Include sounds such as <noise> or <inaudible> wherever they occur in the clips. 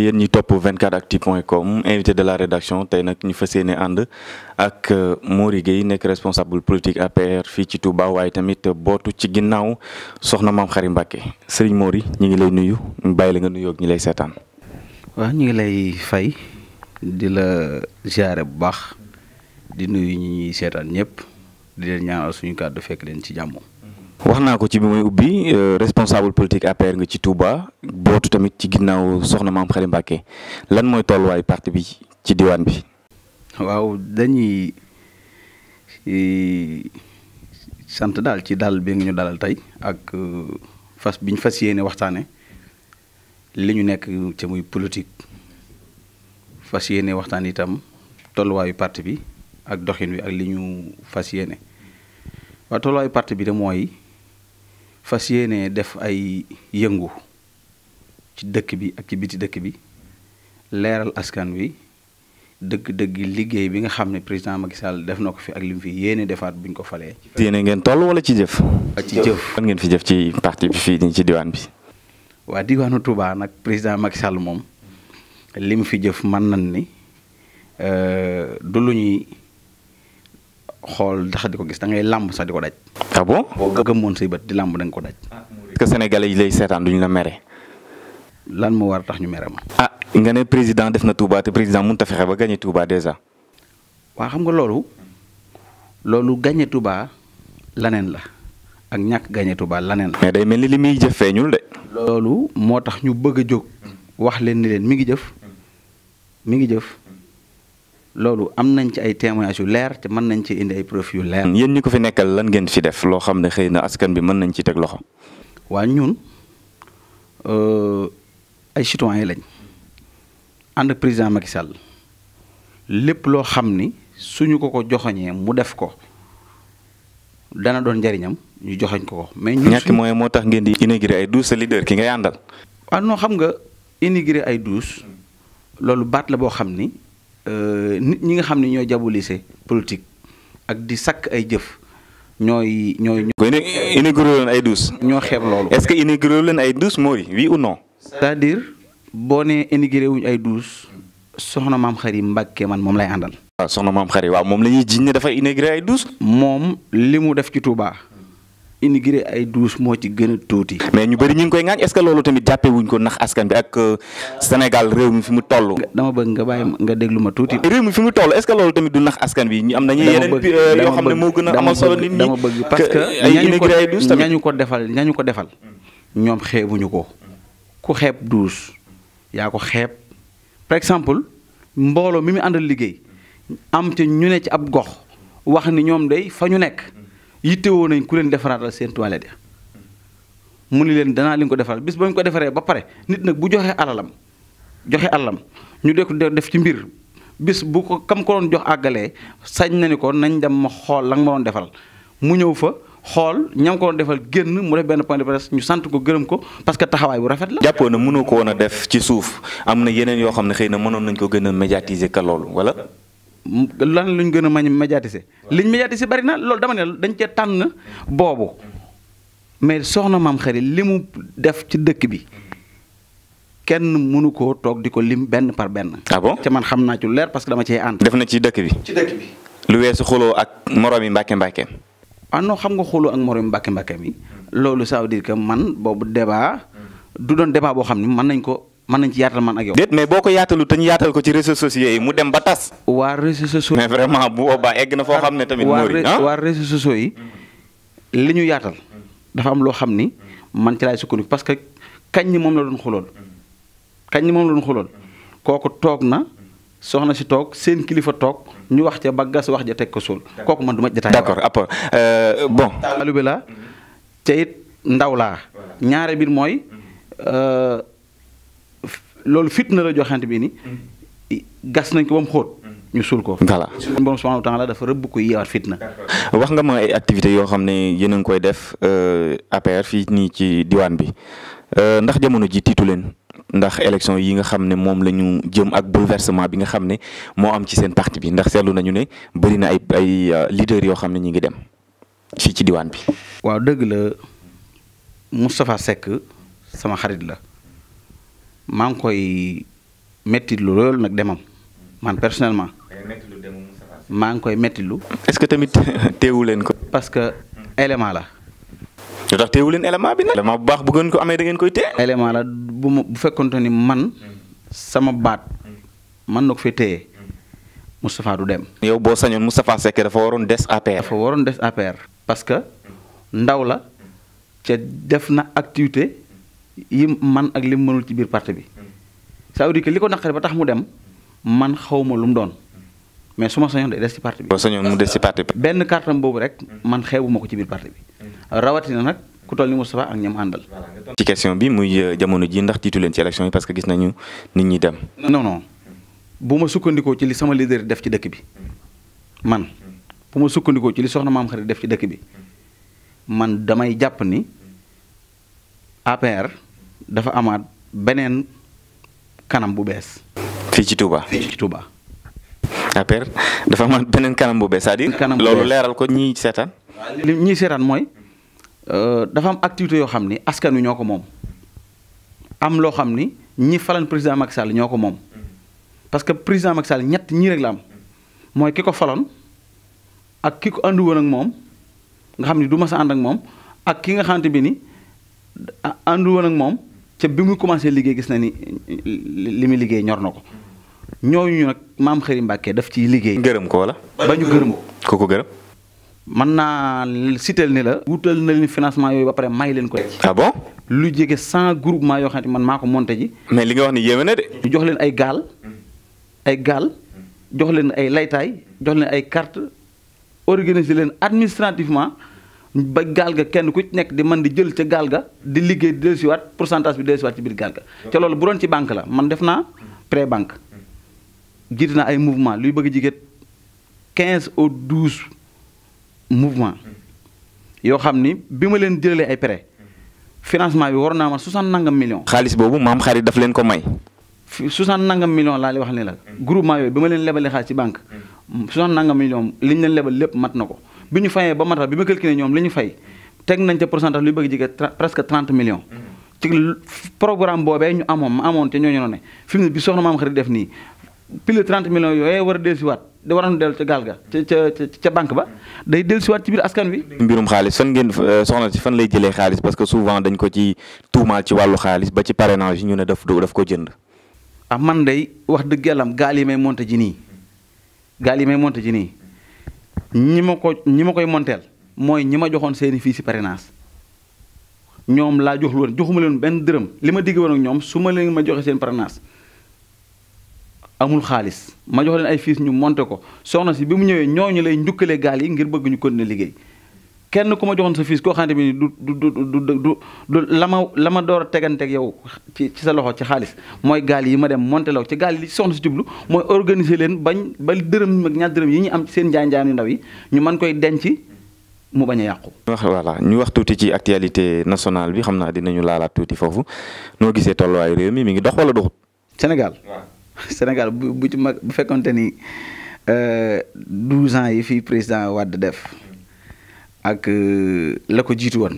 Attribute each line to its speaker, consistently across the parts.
Speaker 1: yéen ñi topp 24actu.com invité de la rédaction tey nag ñu fas yéene ànd ak euh, Mory Gueye nekk responsable politique APR fii ci Touba waaye tamit bootu ci ginnaaw soxna maam Xari Mbàkke sëriñ Mory ñu ngi lay nuyu ñu bàyyi la nga nuyoo ak ñi lay seetaan.
Speaker 2: waaw ñu ngi lay fay di la ziare bu baax di nuyu ñi ñuy seetaan ñëpp di leen ñaanal suñu kàddu fekk leen ci jàmm. wax naa ko ci bi
Speaker 1: mooy ubbi euh, responsable politique APR
Speaker 2: nga ci Touba bootu tamit ci ginnaaw soxna maam Xari
Speaker 1: Mbàkke lan mooy tolluwaayu parti bi
Speaker 2: ci diwaan bi. waaw dañuy e, sant daal ci daal bi nga ñu dalal tey ak e, fas bi fas yéene waxtaane li ñu nekk ca muy politique fas yéene waxtaan itam tolluwaayu parti bi ak doxin wi ak li ñu fas yéene waaw tolluwaayu parti bi de mooy fas yéene def ay yëngu ci dëkk bi ak ci biti dëkk bi leeral askan wi dëkk dëgg liggéey bi nga xam ne président Macky Sall def na ko fi ak li mu fi yéene defaat buñ ko falee.
Speaker 1: yéene ngeen toll wala ci jëf. ci jëf lan ngeen fi jëf ci parti bi fii nii ci diwaan bi.
Speaker 2: waa diwaanu Touba nag président Macky Sall moom li fi jëf man nañ ni euh, du lu ñuy xool ndax di ko gis dangay làmb sax di ko daj. ah bon boo gëmmoon say bët di làmb da ko daj. est-ce que sénégalais yi lay seetaan duñ la mere. lan moo war a tax ñu mere ma. ah
Speaker 1: nga ne président def na Touba te président mun ta fexe ba gagné Touba déjà.
Speaker 2: waa xam nga loolu loolu gagné Touba laneen la ak ñàkk gagné Touba laneen la. mais day mel ni li muy jëf feeñul de. loolu moo tax ñu bëgg a jóg wax leen ni leen mi ngi jëf mi ngi jëf. loolu am nañ ci ay témoignages yu leer te mën nañ ci indi ay preuve yu leer.
Speaker 1: yéen ñi ko fi nekkal lan ngeen fi def loo xam ne xëy na askan bi mën nañ ci teg loxo.
Speaker 2: waa ñun euh, ay citoyens lañ ànd ak Sall lépp loo xam ni suñu ko ko joxoñee mu def ko dana doon njariñam ñu joxoñ ko ko. mais ñun ñàkk mooy moo tax ngeen di inaugurer ay douze sa leader ki nga àndal. waaw ah noo xam nga inaugurer ay douze loolu baat la boo xam ni. Euh, nit ñi nga xam ne ñooy diaboliser politique ak di sakk ay jëf ñooy ñooy. inauguré leen ay douze. ñoo xeeb loolu. est-ce que inauguré leen ay douze mooy oui ou non. cest dire boo ne inauguré wuñ ay douze soxna maam Xari Mbàkke man moom lay àndal. waaw ah, soxna maam Xari waaw moom la ñuy jiñ ne dafa inauguré ay douze. moom li mu def ci Touba. immigré ay douche moo ci gën a tuuti. mais ñu bëri ñu ngi koy ŋaañ est loolu tamit jàppee ko ndax askan bi ak euh, Sénégal réew mi fi mu toll. dama bëgg nga bàyyi nga déglu ma tuuti. réew mi fi mu toll est-ce que loolu tamit du nax askan bi ñu am nañu yeneen. yoo xam ne moo gën a amal solo nit ñi dama bëgg parce que ñañu ko defal ñañu ko defal ñoom xeebuñu ko ku xeeb douche yaa ko xeeb par exemple mbooloo mi mu àndal liggéey am ñu ne ci ab gox wax ni ñoom day fa ñu nekk yittewoo nañ ku leen defaraatal seen toilette ya mu ni leen danaa leen ko defaral bis ba ñu ko defaree ba pare nit nag bu joxee alalam joxe alalam ñu de ko def ci mbir bis bu ko kam ko doon jox àggalee sañ na ni ko nañ dem ma xool la nga ma doon defaral mu ñëw fa xool ñam ko doon defal génn mu def benn point de presse ñu sant ko gërëm ko parce que taxawaay bu rafet la.
Speaker 1: jàppoon na mënoo ko woon a def ci suuf am na
Speaker 2: yeneen yoo xam ne xëy na mënoon nañ koo gën a médiatiser ka loolu wala. lan luñ gën a mañ médiatiser liñ médiatiser bari na loolu dama ne dañ cee tànn boobu mais soxna maam xari li def ci dëkk bi kenn mënu koo toog di ko lim benn par benn. ah bon ca man xam naa ci leer parce que dama cee ànd. def na ci dëkk bi ci dëkk bi. lu weesu xuloo ak moroomi mbàkke mbàkke. ah non xam nga xuloo ak moroomi mbàkke mbàkke mi loolu ça di dire que man boobu debaa du doon débat boo xam ne mën nañ ko. mën nañ ci yaatal man ak yow. déet mais boo ko yaatalu te ñu yaatal ko ci réseaux sociaux yi mu dem ba tas. waa réseaux sociaux. vraiment bu boobaa egg
Speaker 1: na foo xam ne tamit. Ah? waa
Speaker 2: réseaux sociaux yi li ñu yaatal dafa am loo xam ni man ci laay sukkandiku parce que kañ ni moom la doon xulool kañ ni moom la doon kooku toog na soxna si toog seen kilifa toog ñu wax ca ba gas wax ja teg ko suul kooku man du ma jotaay. d'accord après euh, bon. taalibe ndaw laa ñaare mooy. Mm-hmm. Euh, loolu fitna la joxante bi ni mm. gas nañ ko ba mu mm. ñu suul ko. voilà suñu borom subhanahu wa taala dafa rëbb ko yeewaat
Speaker 1: wax nga ma ay activités yoo xam ne yéen a ngi koy def euh, APR fii nii ci diwaan bi euh, ndax jamono ji tiitu leen ndax élection yi nga xam ne moom la ñu jëm ak bouleversement bi nga xam ne moo am ci seen parti bi ndax seetlu nañu ne bëri na ay ay euh, leaders yoo xam ne ñu ngi dem fii ci diwaan bi.
Speaker 2: waaw dëgg la Moustapha Seck sama xarit la. maa ngi koy mettitlu loolu nag demam man personnellement. maa ngi koy mettitlu. est-ce que tamit <laughs> teewu leen ko. parce que élément la. lu tax teewu leen élément bi nag. bu baax bu gën ko amee da koy téye. élément la bu ma bu fekkonte ni man sama baat man na ko fi téye Moustapha du dem. yow boo sañoon Moustapha Seck dafa waroon des APR. dafa waroon des APR. parce que ndaw la ca def na activité. yi man ak lim mënul ci biir parti bi ça veut li ko naqari ba tax mu dem man xawma lu mu doon mais su ma sañoon day des ci parti bi. boo sañoon mu des ci parti bi. benn kartam boobu rek man xeebuma ko ci biir parti bi rawatina nag. ku toll ni Moustapha ak ñam àndal. ci
Speaker 1: question bi muy euh, jamono ji ndax tiitu leen ci élection yi parce que gis nañu nit ñi dem.
Speaker 2: non non bu ma sukkandikoo ci li sama leader def ci dëkk bi man bu ma sukkandikoo ci li soxna maam xarit def ci dëkk bi man damay jàpp ni APR. dafa amaat beneen kanam bu bees.
Speaker 1: fii ci Touba fii ci dafa amaat beneen kanam bu bees c'est-à-dire. loolu leeral
Speaker 2: ko ñii seetaan. li ñii seetaan mooy euh, dafa am activité yoo xam ni askan wi ñoo ko moom am loo xam ni ñi falan président Macky ñoo ko moom parce que président Macky Sall ñett ñii rek la am mooy ki ko faloon ak ki ko ànd moom nga xam ni du ma ànd ak moom ak ki nga xamante bi ni ànd moom. ca bi muy commencé liggéey gis na ni li muy liggéey ñor na ko ñooñu nag maam Xëri Mbàkke daf ciy liggéey. gërëm ko wala. ba ñu gërëm ko. ko ko gërëm. mën naa sitel ni la. wutal na leen financement yooyu ba pare may leen ko rek. ah bon. lu jege cent groupement yoo xam ne man maa ko monté ji. mais li nga wax ni yéeme na de. jox leen ay gaal. ay gaal. jox leen ay laytaay jox leen ay carte organiser leen administrativement. ba gaal ga kenn ku ci nekk di man di jël ca gaal ga di liggéey di pour pourcentage bi dellusiwaat ci biir gaal ga. ca loolu bu doon ci banque la man def naa pré banque. Mm. jiite naa ay mouvement luy bëgg jigéen quinze au douze mouvement mm. yoo xam ni bi ma leen jëlee ay prêt mm. financement bi war naa ma 60 nangam millions.
Speaker 1: xaalis boobu maam xarit daf leen ko
Speaker 2: may. 60 nangam millions laa wax ne la. groupement yooyu bi ma leen lebalee xaalis ci banque. 60 nangam millions liñ leen lebal lépp mat na ko. bi ñu fayee ba matal bi ma calculé ñoom li fay teg nañ ca pourcentage lu bëgg jege presque 30 mm-hmm. ci programme boobee ñu amoon ma amoon te ñooñu noonu ne bi soxna maam xarit def nii pile 30 millions yooyu war a dellusiwaat da waroon dellu ca gaal ba day dellusiwaat ci biir askan wi.
Speaker 1: mbirum xaalis fan ngeen euh, soxna fan lay jëlee xaalis parce que souvent dañ ko ci tuumaal ci wàllu xaalis ba ci parrainage yi ñu ne daf daf ko
Speaker 2: ah, man day wax dëgg yàlla gaal yi may monté ji nii gaal yi may monté ji nii. ñi ma ko ñi ma koy monteel mooy ñi ma joxoon seeni fii si parrainage ñoom laa jox woon joxuma leen benn dërëm li ma digg woon ak ñoom su ma leen ma joxe seen parrainage amul xaalis ma jox leen ay fiis ñu monte ko soxna si bi mu ñëwee ñooñu lay njukkale gaal yi ngir bëgg ñu continuer liggéey kenn ku ma joxoon sa fiis koo xamante bi du du du du du la ma la ma door a teganteeg yow ci sa loxo ci xaalis mooy gaal yi ma dem monté law ci gaal yi li soxna si jublu mooy organiser leen bañ ba dërëm mag ñaar dërëm yi ñu am seen njaan-njaan ñu mën koy denc mu bañ a yàqu.
Speaker 1: wax voilà ñu wax tuuti ci actualité nationale bi xam naa dinañu laalaat tuuti foofu noo gisee tolluwaayu réew mi mi ngi dox wala doxut. Sénégal
Speaker 2: waaw <laughs> Sénégal bu bu ci mag bu fekkonte ni 12 euh, ans yi fii président Wade def. ak euh, la ko jiitu woon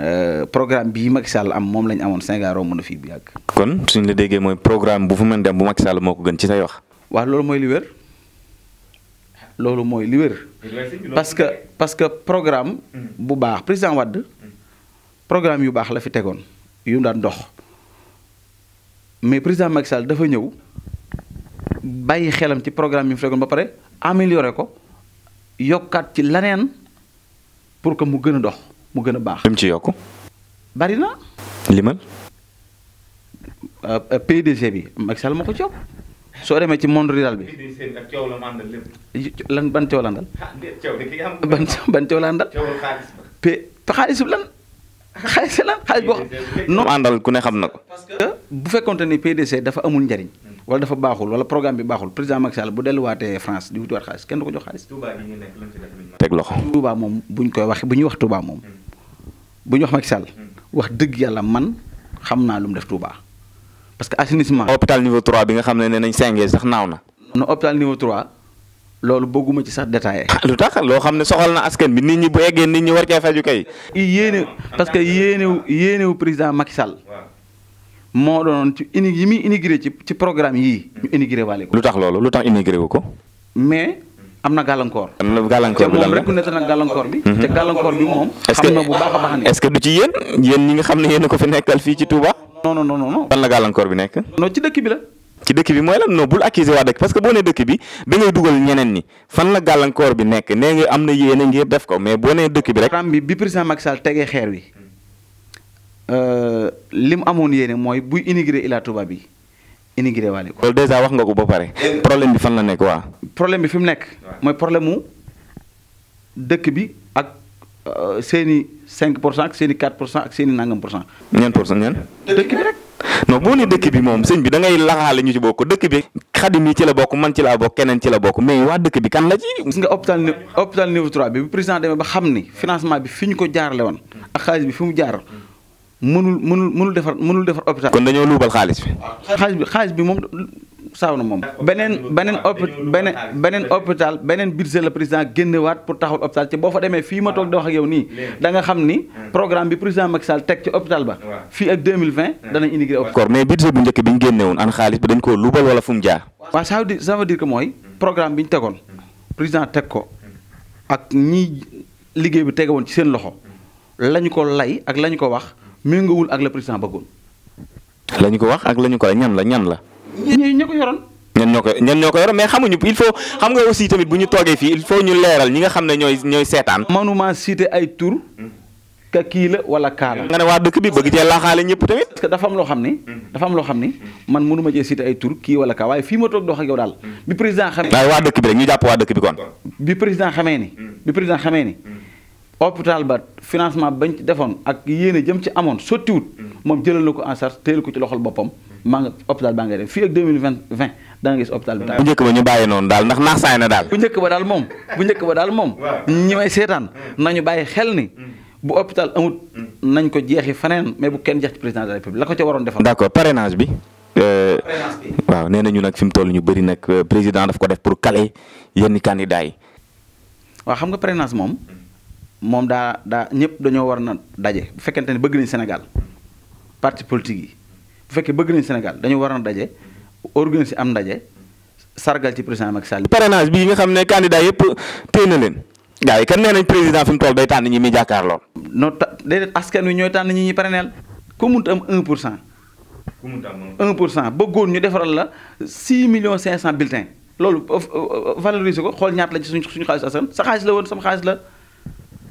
Speaker 2: euh, programme bii Macky Sall am moom lañ amoon Sénégal romb na fii bu yàgg.
Speaker 1: kon suñ la déggee mooy programme bu fu mën dem bu Macky Sall moo ko gën ci say wax.
Speaker 2: waaw loolu mooy li wér loolu mooy li wér. parce que parce que programme. bu baax président Wade programme yu baax la fi tegoon yu mu daan dox mais président Macky Sall dafa ñëw bàyyi xelam ci programme yi mu fi tegoon ba pare améliore ko yokkaat ci leneen. pour que mu gën a dox mu gën a baax. li ci yokk. bari na. limal. Euh, PDG bi Macky Sall moo ko ci yokk soo demee ci monde rural bi. lan ban coow la ndal. Ah, ban coow la ndal. pe xaalis bi lan. xaalis lan xaalis boo xam. non àndal ku ne xam na ko. parce que bu fekkonte ni PDC dafa amul njariñ. wala dafa baaxul wala programme bi baaxul président Macky Sall bu delluwaatee France di wutiwaat xaalis kenn du ko jox xaalis. teg loxo. Touba moom buñ koy wax bu ñuy wax Touba moom. Hmm. bu ñuy wax Macky hmm. wax dëgg yàlla man xam naa lu mu def Touba. parce que assainissement. hôpital niveau 3 bi nga xam ne nee nañ sengee sax naaw na. non hôpital niveau 3 loolu bëgguma ci sax détaillé.
Speaker 1: Ah, lu tax loo xam ne soxal na askan bi nit ñi bu eggee nit ñi war cee faju kay. yéene
Speaker 2: parce que yéenewu yéenewu président Macky Sall. moo doon ci ini yi muy intégré ci ci programme yi ñu intégré
Speaker 1: lu tax loolu lu tax intégré wu ko.
Speaker 2: mais am na gàllankoor.
Speaker 1: am na gàllankoor
Speaker 2: bi mhm. lan la a baax ne. est-ce
Speaker 1: ci yéen yéen ñi nga xam ne yéen ko fi nekkal fii ci Touba.
Speaker 2: non non non non.
Speaker 1: gàllankoor bi nekk. non ci dëkk bi la. ci dëkk bi mooy lan non bul accuser waa dëkk parce que boo nee dëkk bi da ngay dugal ñeneen ñi fan la gàllankoor bi
Speaker 2: nekk nee nga am na yéene ngir def ko mais boo nee dëkk bi rek. programme bi bi président Macky Sall tegee xeer wi Euh, li mu amoon yéene mooy buy immigré illa Touba bi immigré waale ko. loolu dèjà wax nga ko ba pare. problème bi fan la nekk waa. problème bi fi mu nekk. mooy problème mu dëkk bi ak euh, seen i pour cent ak seen pour cent ak seen i nangam pour cent. ñeent pour bi rek. ne dëkk
Speaker 1: bi moom sëñ bi da ngay laxaale
Speaker 2: ñu ci bokk dëkk bi xadim yi ci la bokk man ci laa bokk keneen ci la bokk mais waa dëkk bi kan la ci. gis nga hôpital niveau hôpital niveau 3 bi bu président demee ba xam ni financement bi fi ñu ko jaarale woon. ak xaalis bi fi mu jaar. mënul mënul mënul defar mënul defar hôpital. kon dañoo luubal xaalis bi. xaalis bi xaalis bi moom saaw na moom. beneen beneen opi beneen beneen hôpital beneen budget la président génnewaat pour taxawal hôpital ci boo fa demee fii ma toog di wax ak yow nii. da xam ni programme bi président Macky Sall teg ci hôpital ba. fii ak 2020 danañ indigré hôpital. d'accord
Speaker 1: mais budget bu njëkk bi ñu génnewoon an xaalis bi dañ koo luubal wala fu mu jaar.
Speaker 2: waaw ça veut dire ça mooy programme bi teg ko ak ñi liggéey bi tegewoon ci seen loxo lañu ko lay ak lañu ko wax. méngoowul ak la président bëggoon.
Speaker 1: la ko wax ak la ñu ko ñan la ñan la.
Speaker 2: ñi ñi ko yoroon.
Speaker 1: ñan ñoo ko ñan ñoo ko yoroon mais xamuñu il faut xam nga aussi tamit bu ñu toogee fii il faut ñu
Speaker 2: leeral ñi nga xam ne ñooy seetaan. manuma cité ay tur. ka kii la wala kaa la. nga ne waa dëkk bi bëgg cee laaxaale ñëpp tamit. parce que dafa am loo xam ni. dafa am loo xam ni man mënuma cee cité ay tur kii wala kaa waaye fii ma toog dox ak yow daal. bi président xamee. waaye waa dëkk bi rek ñu hôpital ba financement bañ ci defoon ak yéene jëm ci amoon sottiwut mm. moom jëlal na ko en charge téyel ko ci loxol boppam mm. maa nga hôpital baa ngay dem fii ak 2020 da nga gis hôpital bi mm. bu njëkk ba ñu bàyyi noonu daal ndax naax saay na daal bu njëkk ba daal moom bu njëkk ba daal moom ñi may seetaan nañu bàyyi xel ni bu hôpital amut nañ ko jeexi faneen mais bu kenn jeex ci président de la république la ko ca waroon defal
Speaker 1: d'accord parrainage bi euh, waaw nee nañu nag fi mu toll ñu bëri nag euh, président daf ko def pour caler yenn candidats yi
Speaker 2: waaw xam nga parrainage moom moom daa daa ñëpp dañoo war na daje bu fekkente ne bëgg nañ Sénégal parti politique yi bu fekkee bëgg nañ Sénégal dañoo war na daje organiser am ndaje sargal ci président Macky Sall. parrainage bi nga xam ne candidat yëpp téye na leen. gars yi kan président fi mu toll day tànn ñi muy jàkkaar lool. non ta déedéet askan wi ñooy tànn ñi ñuy parrainel ku mënut am pour cent. ku mënut am 1 pour cent bëggoon ñu defaral la 6 millions 500 bulletins. loolu valoriser ko xool ñaata la woon sama xaalis la.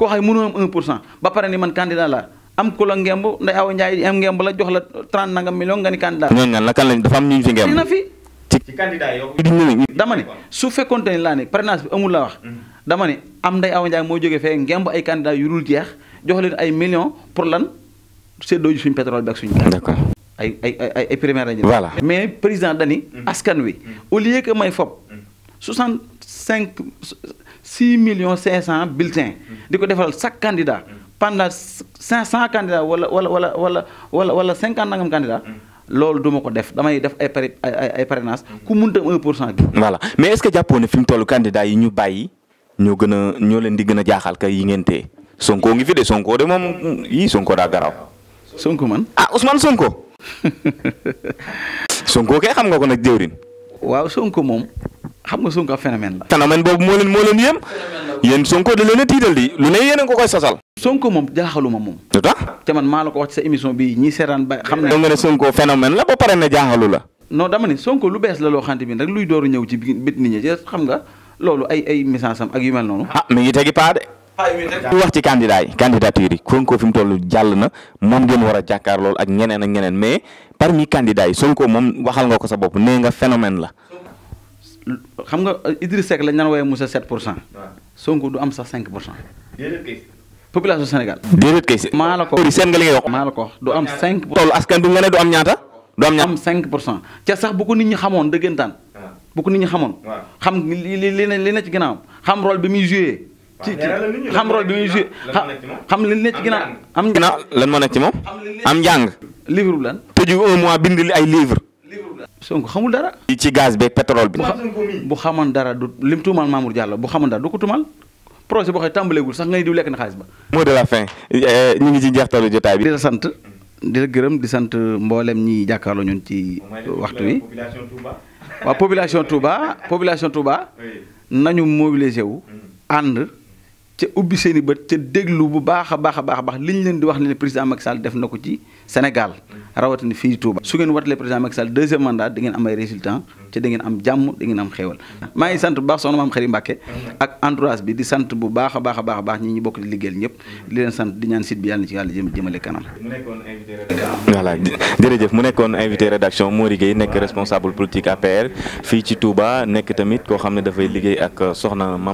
Speaker 2: koo xam ne mënoo am 1 pour cent ba pare ni man candidat la am ku la ngemb nday aw njaay am ngemb la jox la 30 nangam million nga ni candidat la. ñooñu
Speaker 1: naan la kan lañ dafa am ñu fi ngemb.
Speaker 2: dama ne su fekkoonte laa ne mm. première lañu. mais président dani mm. askan wi mm. au lieu que may fob. soixante cinq six millions cinq cent bulletins di ko defal chaque candidat pendant cinq cent candidats wala wala wala wala wala wala cinquante nangam candidats loolu ma ko def damay def ay pari ay parrainage ku muntam pour cent
Speaker 1: voilà mais est-ce ne fi toll candidat yi ñu bàyyi ñoo gën ñoo leen di gën a jaaxal kay yi ngeen téye Sonko ngi fi de Sonko de Sonko daa garaw
Speaker 2: Sonko man ah Ousmane Sonko <laughs> Sonko kay xam waaw Sonko moom xam nga Sonko phénomène la. phénomène boobu moo leen moo leen yéem. yéen Sonko da leen a tiital di lu ne yéen ko koy sosal. Sonko moom jaaxaluma moom. lu tax te man maa la ko wax émission bi ñi seetaan ba xam ne. nga ne Sonko phénomène la ba pare ne jaaxalu la. non dama ne lu bees la loo xamante bi rek luy dooru ñëw ci bit nit ñi xam nga loolu ay ay message am ak yu mel noonu. ah mi ngi tegi paa wax
Speaker 1: ci candidat yi candidature yi fi mu toll jàll na moom ngeen war a jàkkaar loolu ak ñeneen a ñeneen mais parmi candidat yi Sonko moom waxal nga ko sa bopp nee
Speaker 2: nga phénomène la xam nga euh, Idriss Seck lañ naan woowee Moussa 7 pour cent. Sonko du am sax 5 pour cent. population Sénégal. déedéet kay maa la ko seen nga li ngay wax. maa la ko du am 5. bi nga ne du am ñaata. du am ñaata pour cent ca sax bu ko nit ñi xamoon dëggantaan. bu ko nit ñi xamoon. xam li li li na ci ginnaaw xam rôle bi muy joué. ci ci xam rôle bi muy joué xam li ne ci ginnaaw. am njàng ci moom. am njàng. livre bu lan. tëju un mois bind ay livre Sonko xamul dara. ci gaz beeg pétrole bi. bu xamoon dara du lim tuumal Mamour Diallo bu xamoon dara du ko tuumal projet boo xam ne tàmbaleegul sax ngay diw lekk na xaalis ba. mot de la fin eh, ñu ngi ci njeextalu jotaay bi. di la sant di la gërëm di sant mboolem ñi jàkkaarloo ñun ci waxtu wi. waaw population Touba population Touba nañu mobiliser wu mm. ànd. ca ubbi seen i bët ca déglu bu baax a baax a baax li ñu leen di wax ne président Macky Sall def na ko ci Sénégal rawatina fii bi di bu baax a baax a baax ñi ñu bokk di liggéeyal ñëpp di leen sant di ñaan site bi yàlla na ci yàlla
Speaker 1: fii ci Touba nekk tamit koo xam ne dafay liggéey ak soxna maam